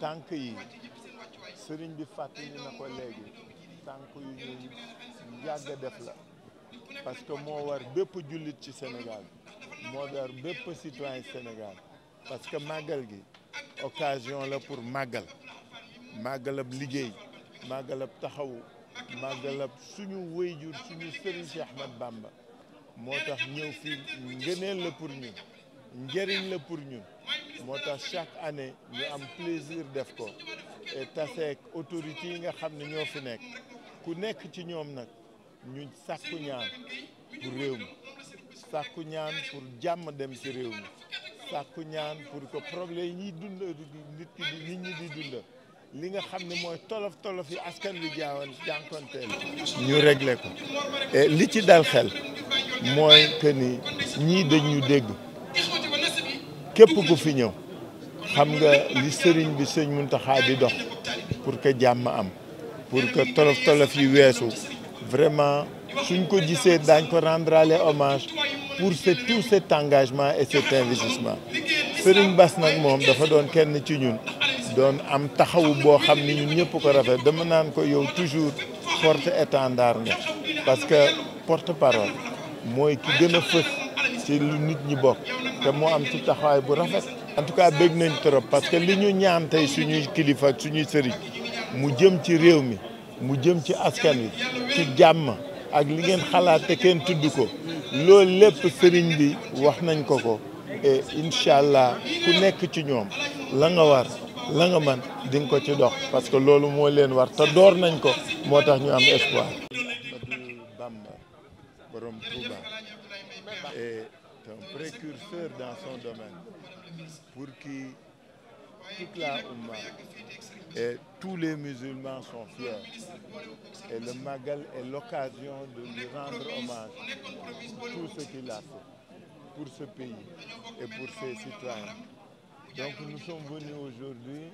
tànk yi sëriñ bi fàttali na ko léegi tànk yu ñuy yàgg def la parce que moo war bépp jullit ci Sénégal moo war bépp citoyen Sénégal parce que màggal gi occasion la pour màggal màggalab liggéey màggalab taxawu màggalab suñu wéyjur suñu sëriñ si Ahmad Bamba moo tax ñëw fii ngëneel la pour ñu njëriñ la pour ñun moo tax chaque année ñu am plaisir def ko et taseek autorités yi nga xam ne ñoo fu nekk ku nekk ci ñoom nag ñu sàkku ñaan pour réew mi sàkku ñaan pour jàmm dem ci réew mi sàkku ñaan pour ko problème yi dund nit ki nit ñi di dund li nga xam ne mooy tolof tolof yi askan bi jaawan jànkonteel ñu réglé ko et li ci dal xel mooy que ni ñii dañu dégg képp ku fi ñëw xam nga li sëriñ bi sëñ xaa di dox pour que jàmm am pour que tolof tolof yi weesu vraiment suñ ko gisee daañ ko rendrale hommage pour set tout cet engagement et cet investissement sëriñ Bass nag moom dafa doon kenn ci ñun doon am taxawu boo xam ni ñun ñëpp ko rafet dama naan ko yow toujours porte étendard nga parce que porte parole mooy ki gën a fës ci lu nit ñi bokk te mu am ci taxawaay bu rafet. en tout cas nañ trop parce que li ñu ñaan tey suñuy kilifa ak suñuy sëriñ mu jëm ci réew mi mu jëm ci askan wi ci jàmm ak li ngeen xalaat te kenn tudd ko loolu lépp sëriñ bi wax nañ ko ko et incha allah ku nekk ci ñoom la nga war la nga man di nga ko ci dox parce que loolu moo leen war te door nañ ko moo tax ñu am espoir. Bamba borom est un précurseur dans son domaine pour qui toute la Oumma et tous les musulmans sont fiers. Et le Magal est l'occasion de lui rendre hommage pour tout ce qu'il a fait pour ce pays et pour ses citoyens. Donc nous sommes venus aujourd'hui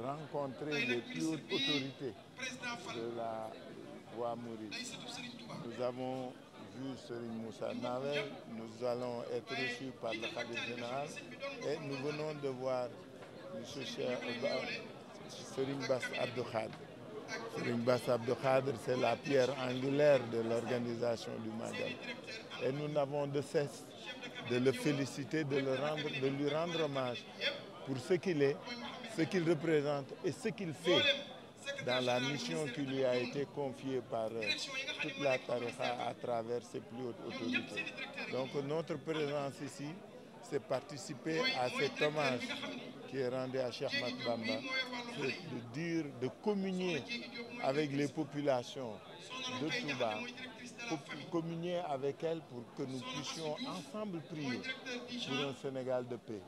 rencontrer les plus hautes autorités de la Ouamouride. Nous avons jour Serigne Moussa Nawel, nous allons être reçus par le Khalif général et nous venons de voir monsieur Serigne Bass Abdou Khadre. Serigne Bass Abdou Khadre, c'est la pierre angulaire de l'organisation du Magal. Et nous n'avons de cesse de le féliciter, de de lui rendre hommage pour ce qu'il est, ce qu'il représente et ce qu'il fait. dans la mission qui lui a été confiée par euh, toute la Tariqa à travers ses plus hautes autorités. Donc notre présence ici, c'est participer à cet hommage qui est rendu à Cheikh Ahmad Bamba, c'est de dire, de communier avec les populations de Touba, pour communier avec elles pour que nous puissions ensemble prier pour un Sénégal de paix,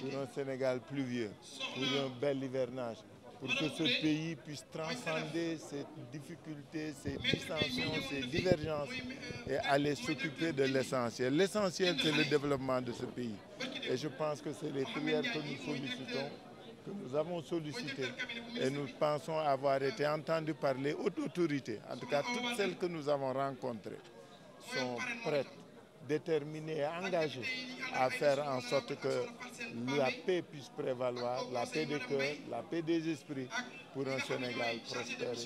pour un Sénégal pluvieux, pour un bel hivernage. pour que ce pays puisse transcender ses difficultés, ses dissensions, ses divergences euh, et aller s'occuper de l'essentiel. L'essentiel, c'est le développement de ce pays. Et je pense que c'est les prières que nous sollicitons, que nous avons sollicitées. Et nous pensons avoir été entendus par les hautes autorités. En tout cas, toutes celles que nous avons rencontrées sont prêtes déterminés et engagés à faire en sorte que la paix puisse prévaloir, la paix des cœurs, la paix des esprits pour un Sénégal prospère.